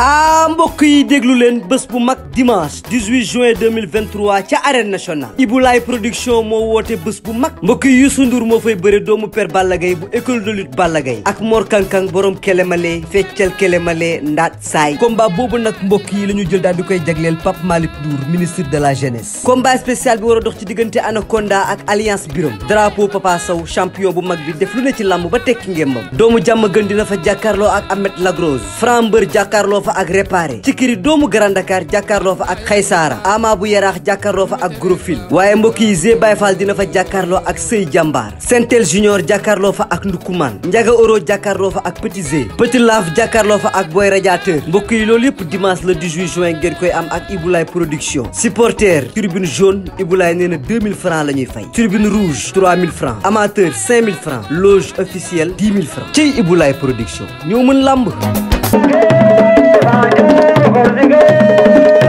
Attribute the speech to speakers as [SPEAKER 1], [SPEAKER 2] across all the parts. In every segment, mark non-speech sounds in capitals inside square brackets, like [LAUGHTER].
[SPEAKER 1] ah mbokk yi déglu leen bés bu mag dimanche 18 juin 2023 ca arène nationale Ibulaay production moo woote bés bu mag mbokk yi Youssou Ndour moo fay bëre doomu père Balla bu école de lutte Balla Gaye ak Mor Kankang boroom kelemale feccal kelemale ndaat saay combat boobu nag mbokk yi la ñu jël daal di koy jagleel Pape Malick ministre de la jeunesse combat spécial bi war a dox ci diggante Anaconda ak alliance Birom drapeau Papa Sow champion bu mag bi def lu ne ci làmb ba tekki ngémbam doomu jàmm gën dina fa jàkkaarloo ak Ahmed Lagrose Fran Mbër jàkkaarloo fa ak réparé Cikiri doomu Grand Dakar jàkkaarloo fa ak Xaysaara Ama bu Yaraax jàkkaarloo ak Grofil waaye mbokk yi Zé dina fa jàkkaarloo ak Sëy Jàmbaar Sentel Junior jàkkaarloo fa ak Ndukuman Njaga Oro jàkkaarloo fa ak Petit Zé Petit Laaf jàkkaarloo fa ak Boy Radiateur mbokk yi loolu yëpp dimanche le 18 juin ngeen koy am ak Iboulaye Production supporter tribune jaune Iboulaye nee na 2000 francs la ñuy fay tribune rouge 3000 francs amateur 5000 francs loge officielle 10 000 francs ci Iboulaye Production ñoo mën lamb हाँ जो हो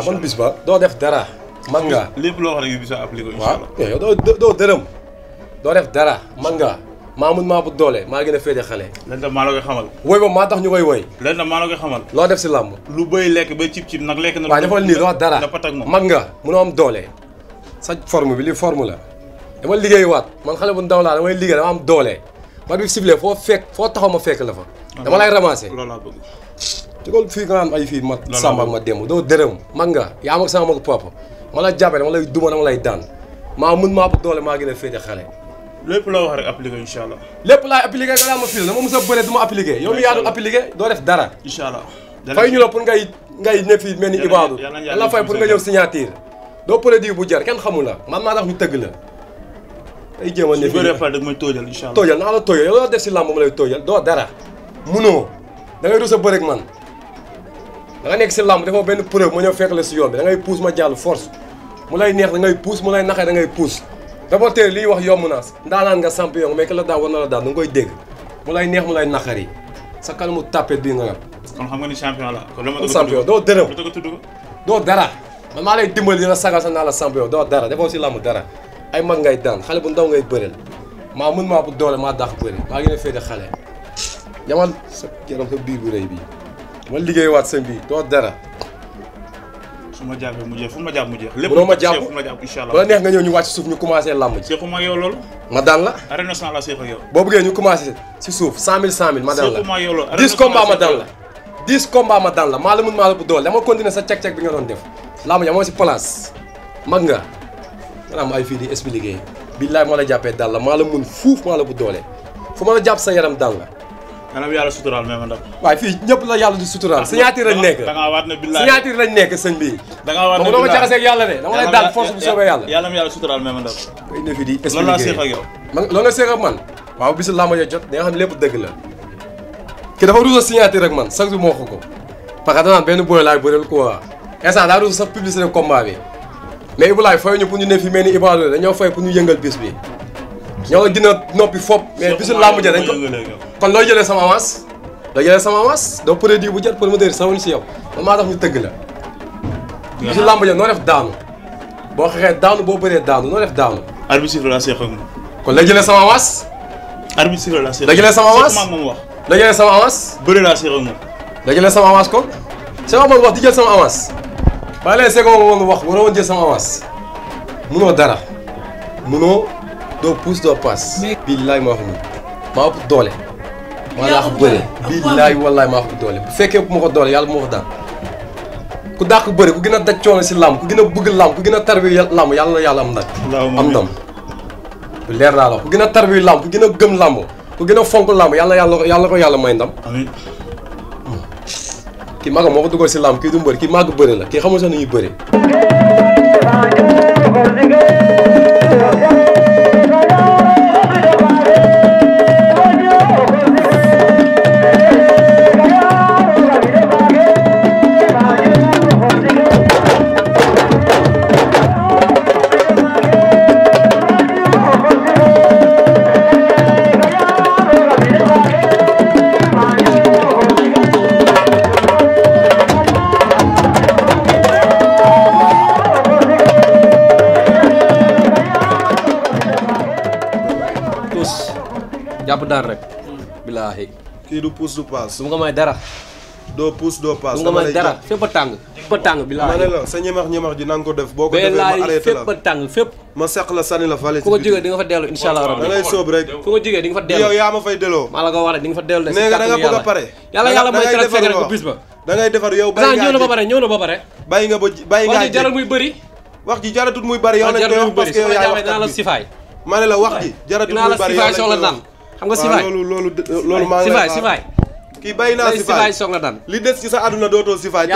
[SPEAKER 2] waaw man bis ba doo def dara. mag nga lépp loo xam ne bis ba appliqué incha doo doo doo def dara man nga maa mun maa bu doole maa gën a féete xale. leen tam maa la koy xamal. woy ba maa tax ñu koy woy. leen tam maa la koy xamal. loo def si làmb. lu bëy lekk ba cib cib nag lekk na. waaw dafa lii doo dara mag nga munoo am doole. sa forme bi li forme la dama liggéey waat man xale bu ndaw laa damay liggéey dama am doole ba bi sifflé foo fekk foo taxaw ma fekk la fa. Ah, dama lay ramasser loolu laa bëgg. dugal fii nga ay fii ma samba ma démb doo dërëm mag yaa mag sama mag papa ma la jàppee dama lay duma dama lay daan maa mun maa bëgg doole maa gën a féete xale lépp loo wax rek ma fii la dama mos a bëre du ma yow yaa dul appliqué doo def dara fay ñu la pour ngay ngay ne fii mel ni ibaadu la fay pour nga ñëw signature doo produit bu jar kenn xamul la man maa tax ñu tëgg la a ne fii dag may toojal incha def si làmb ma lay toojal doo dara munoo da ngay a da nekk si làmb defoo benn preuve ma ñëw fekk la si yoon bi puus ma jàll force mu lay neex da ngay puus mu lay naxee da ngay puus dafa teel liy wax yomb naa ndaanaan nga samp yoon mais ki la daan war na la daan da nga koy dégg mu lay neex mu lay naxar yi sa kanamu tapet bii nga yor. kon xam nga ni champion la. kon dama champion doo dërëm doo dara man maa lay dimbali dina sagal sa naa la champion doo dara defoo si làmb dara ay mag ngay daan xale bu ndaw ngay bëreel maa mën maa bu doole maa dàq bëri maa ngi leen féete xale. yamal sa yaram sa biir bu rëy bii ma liggéey waat sëñ bi doo dara. su ma jàppee mu jeex fu ma jàpp mu jeex. lépp ma jàpp
[SPEAKER 1] ma jàpp incha allah. la neex
[SPEAKER 2] nga ñëw ñu wàcc suuf ñu commencé làmb ji. seexuma yow loolu. ma daan la. arène nationale la seex ak yow. boo bëggee ñu commencé si suuf 100000 100000. ma daan la seexuma yow loolu. ma daan la 10 combats ma daan la maa la mën maa la bu doole dama continuer sa cek cek bi nga doon def. làmb ji amoo si place mag nga maanaam ay fii di expliqué billaay moo la jàppee daan la maa la mën fuuf maa la bu doole fu ma la jàpp sa yaram daan la maanaam yàlla suturaal même ndax. waaw fii ñëpp la yàlla di suturaal. Ah, signature lañ nekk da ngaa waat ne billaay signature lañ nekk sëñ bi. da ngaa waat ne billaay moom dama jaxasee ak yàlla de dama lay daal force bu soobee yàlla. yàlla nga seex man waaw bisu laa ma jot da nga xam lépp dëgg la ki dafa ruus a signature man chaque jour moo ko ko danaan benn boy laay bëreel quoi instant daa ruus sax publicité combat bi mais Ibou fay ñu pour ñu ne ni Ibou Laye dañoo fay pour ñu bis bi ñoo dina noppi fopp mais bisu làmb ja kon looy jëlee sama avance looy jëlee sama avance doo produit bu jot promoteur sawuñ si yow man maa tax ñu tëgg la bisu làmb ja noo def daanu boo xeexee daanu boo bëree daanu noo def daanu arbitre siffle la seex ak moom kon lay jëlee sama avance arbitre siffle la seex lay jëlee sama avance moom wax lay jëlee sama avance bëri laa seex ak moom lay jëlee sama avance kon sama moon wax di jël sama avance baa lee seeko moon wax waroo woon jël sama avance munoo dara munoo doo puus doo paas. billaay maa xam maa ëpp doole. maa laax bëre billaay wallaay maa ëpp doole bu fekkee bu ma ko doole yàlla bu ma ko daan ku dàq bëre ku gën a daj coono si làmb ku gën a bëgg làmb ku gën a tarbi làmb yàlla yàlla am ndam. am ndam naa la ku gën a tarbi làmb ku gën gëm làmb ku gën a fonk lamb yàlla yàlla yàlla ko yàlla may ndam. ki kii maga moo ko dugal si làmb kii du mbër kii màgg bëre la ki xamul sax ni ñuy bëre. daan rek. bilaahi. kii du pousse du passe. du nga may dara. doo pousse doo passe. dama lay dara fépp a tàng. fépp a tàng bilaahi. ma ne la sa ñemax ñemax na nga ko def. boo ko defee ma arrêté la fépp a tàng fépp. ma seq la sànni la valise. fu ko jógee di nga fa dellu incha allah rabbi. da ngay ko jógee di fa dellu yaa ma fay delloo. maa la ko wax rek di nga fa dellu de. si kàttan yàlla a pare. yàlla yàlla mooy traité fekk ba. ngaa ñëw na ba pare ñëw na ba pare. bàyyi ngaa ji xam nga Sivaay waaw loolu loolu. loolu maa ngi lay kii bàyyi naa sifaay soog la daan li des ci sa àdduna dootoo sifaay te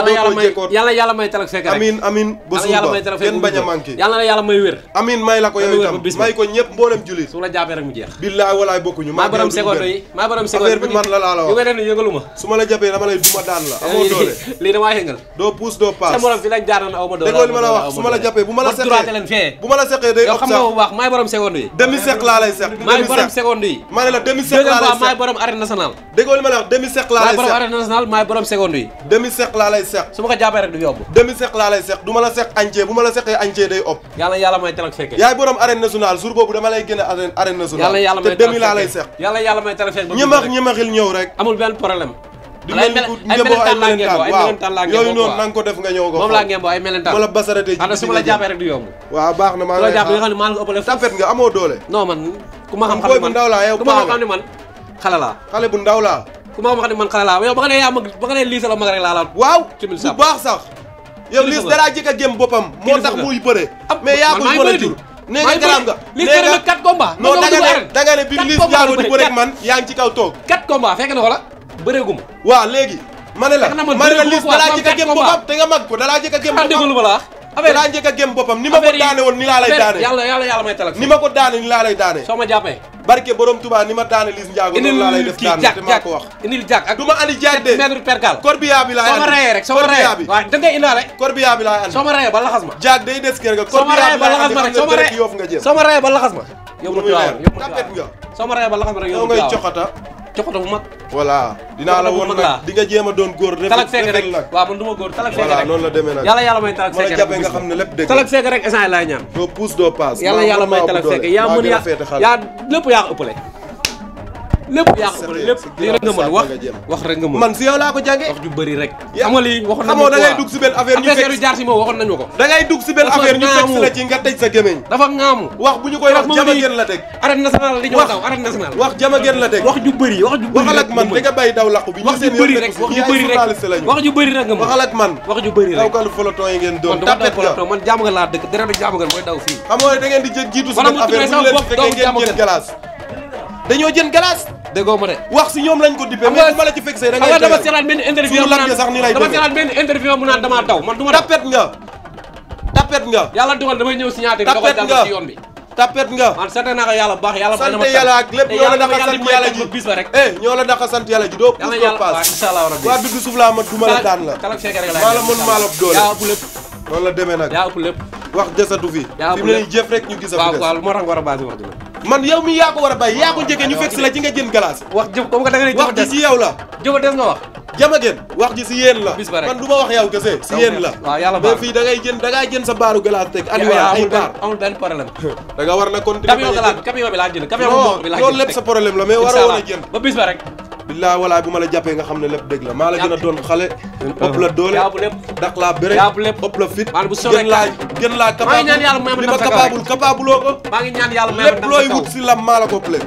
[SPEAKER 2] yàlla may talak rek amin amin ba suur bañ a manqué yàlla yàlla may wér amin may la ko yow itam may borom sekoto yi maa laa lay duma daan laa [LAUGHS] [LAUGHS] lay seq maay laa lay seq seq laa lay seq maay borom arène nationale maay borom seconde yi. demi seq laa lay seq. su ma ko jàppee rek du yomb. demi seq laa lay seq du ma la seq añcee bu ma la seqee añcee day ëpp. yàlla yàlla may teel ak fekkee. yaay borom arène nationale jour boobu dama lay génne arène arène nationale. yàlla yàlla may teel ak fekkee te demi laa lay seq. yàlla yàlla may teel ak fekkee ñemax ñemaxil ñëw rek. amul benn problème.
[SPEAKER 1] di mel ay melentaan laa ngeen ko ay melentaan laa ngeen ko waaw yooyu noonu na nga ko
[SPEAKER 2] def nga ñëw ko moom laa ngeen ko ay melentaan wala basarate ji su ma la jàppee rek du yomb waaw baax na maa ngi lay jàpp nga xam ne maa la ko ëppale tapet nga amoo doole non man ku ma xam xam ne man ku ma xam xam ne man xale laa xale bu ndaw laa ku ma wax ne man xale laa waaw bu baax sax yow liis dalaa jëkk a jëm boppam moo tax muy bëre mais yaa koy mën a jur nee nga garaam nga liis bëre na quatre combat non da nga ne da nga ne bi liis njaago di bëre ak man yaa ngi na ko la bëreegum waaw léegi ma ne la la liis dalaa jëkk a boppam te nga mag ko dalaa jëkk a ah, boppam a jëm boppam ni ma ko daane woon ni laa lay daane ni ma ko daane ni laa lay daane barke borom Touba ma daane Liss Ndiago loolu laa du ma andi jaag de mètre percal corbiya bi laay andi soo ma ba laxas ma jaag day des kër nga corbiya bi laay andi xam nga rek yoof nga jël soo ba laxas ma yow ma tuwaawal yow ma tuwaawal soo ma rayee ba laxas ma rek yow ma tuwaawal ci xoto bu mag. dinaa la woon nag di nga jéem doon góor. talak seeg rek waaw man du ma góor talak seeg rek voilà noonu la demee nag. talak seeg rek jàppee nga xam ne lépp dëgg doo pousse doo passe. yàlla yàlla may talak seeg yaa mën yaa yaa lépp yaa ëppale lépp yaa ko lépp lii rek nga mën wax wax rek nga mën man si yow laa ko jànge wax ju bëri rek xam lii waxoon nañu ko da dugg si benn affaire ñu fekk si nga tëj sa gémmiñ dafa ŋaamu wax bu ñu koy wax jama gën la teg arène nationale li ñu daw arène nationale wax jama gën la teg wax ju bëri wax ju bëri waxal wax ju bëri wax ju bëri rek man wax ju rek kaw nga man mooy daw fii xam nga da di jiitu si affaire bu leen fekkee ngeen jël dañoo jën glace déggoo ma wax si ñoom lañ ko dippee mais ma la ci fixé da dama seetaan benn interview dama interview mu naan damaa daw man nga tapet nga yàlla dogal damay ñëw signature da koy ko yàlla bu baax yàlla sant yàlla ak lépp ñoo la daxa sant ji bis ba eh, la daxa sant yàlla ji doo pousse ko waa dugg suuf laa ma duma la daan la maa la mën maa la doole yaa la demee nag yaa ëpp lépp wax desatu fi fi mu rek ñu gis ak waaw moo tax war a baasi wax ji man yow mi yaa ko war a bàyyi yaa ko njëkkee ñu fekk si la ci nga jën glace. wax jëf comme que da nga ne ji ci yow la. jama gën wax ji si yéen la. bis ba rek man du ma wax yow kese. la waaw yàlla baax fii da ngay jën da ngay jën sa baaru glace teg. annuwaat baar amul benn problème. da nga na continuer camion bi sa problème la mais waroon a jënd ba bis ba billaa walaay bu ma la nga xam ne lépp dëgg la maa la gën a doon xale ëpp la doole daq laa béré ëpp la fit gën laa gën laa capable li ma capable capabuloo ko maa ngi ñaan yàlla may lépp looy wut si lam maa la ko ëppale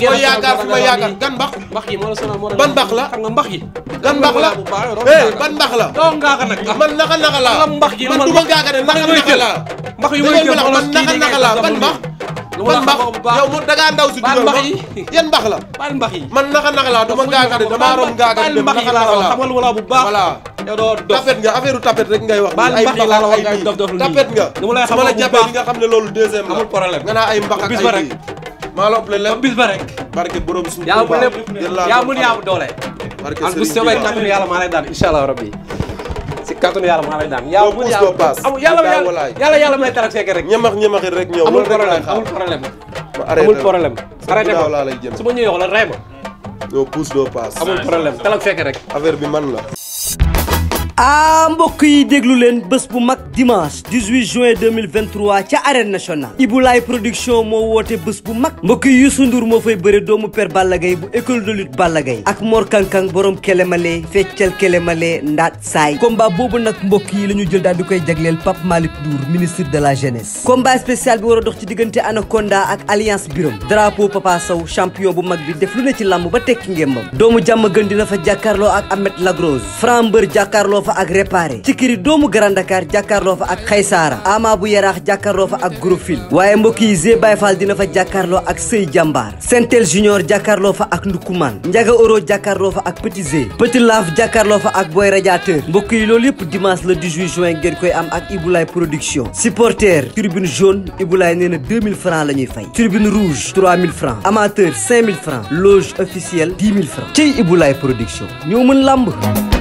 [SPEAKER 2] foo yaakaar fi ma yaakaar gan mbax ban mbax la mbax yi gan mbax la é ban eh, mbax la man naxa naxa laa man duma ngaaga ne naxa naxa ban mbax ban mbax yow mu da ngaa ndaw si dugal laa dama ngaaga de dama rom ngaaga laa xamal bu baax tapet nga affaire tapet rek ngay wax wax tapet nga dama lay xamal bu baax nga xam ne loolu deuxième la amul problème nga naa ay mbax ak ay maa la ëppale ba rek barke borom suñu yaa mu lépp yaa mu doole barke sëriñ bu sewee kàttan yàlla maa lay daan rabbi kàttanu yàlla maa lay daan yàlla bu yàlla yàlla yàlla may tarak fekke rek ñamax rek ñëw amul problème amul problème amul problème arrêté ko su la rey ma yow pousse doo paas amul problème bi man la
[SPEAKER 1] ah mbokk yi déglu leen bés bu mag dimanche 18 juin 2023 ca arène nationale Ibulaay production moo woote bés bu mag mbokk yi Youssou Ndour moo fay bëre doomu per Balla Gaye bu école de lutte Balla Gaye ak Mor Kankang borom kelemale feccal kelemale ndaat saay combat boobu nag mbokk yi la ñu jël daal di koy jagleel Pape Malick Ndour ministre de la jeunesse combat spécial bi war a dox ci diggante Anaconda ak alliance Birom drapeau Papa Sow champion bu mag bi def lu ne ci làmb ba tekki ngémbam doomu jàmm gën dina fa jàkkarloo ak Ahmed Lagrose Fran Mbër jàkkaarloo fa ak ci Cikiri doomu Grand Dakar jàkkaarloo fa ak Xaysaara Ama bu Yaraax jàkkaarloo fa ak Gros waaye mbokki yi Zé Baye dina fa jàkkaarloo ak Sey Jambaar Sentel Junior jàkkaarloo fa ak Ndukuman Njaga Oro jàkkaarloo fa ak Petit Zé Petit Laaf jàkkaarloo fa ak Boy Radiateur mbokk yi loolu yëpp dimanche le 18 juin ngeen koy am ak Iboulaye Production supporter tribune jaune Iboulaye nee na 2000 francs la ñuy fay tribune rouge 3000 francs amateur 5000 francs loge officielle 10 000 francs ci Iboulaye Production ñoo mën lamb